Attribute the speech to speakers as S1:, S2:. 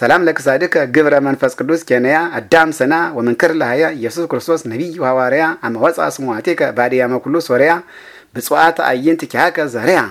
S1: ሰላም ለክሳድከ ግብረ መንፈስ ቅዱስ ኬንያ አዳም ስና ወመንክር ለሀያ ኢየሱስ ክርስቶስ ነቢይ ሐዋርያ አመወፃ ስሙአቴከ ባዲያ መኩሉ ሶርያ ብፅዋት አይንት
S2: ኪሃከ ዘርያ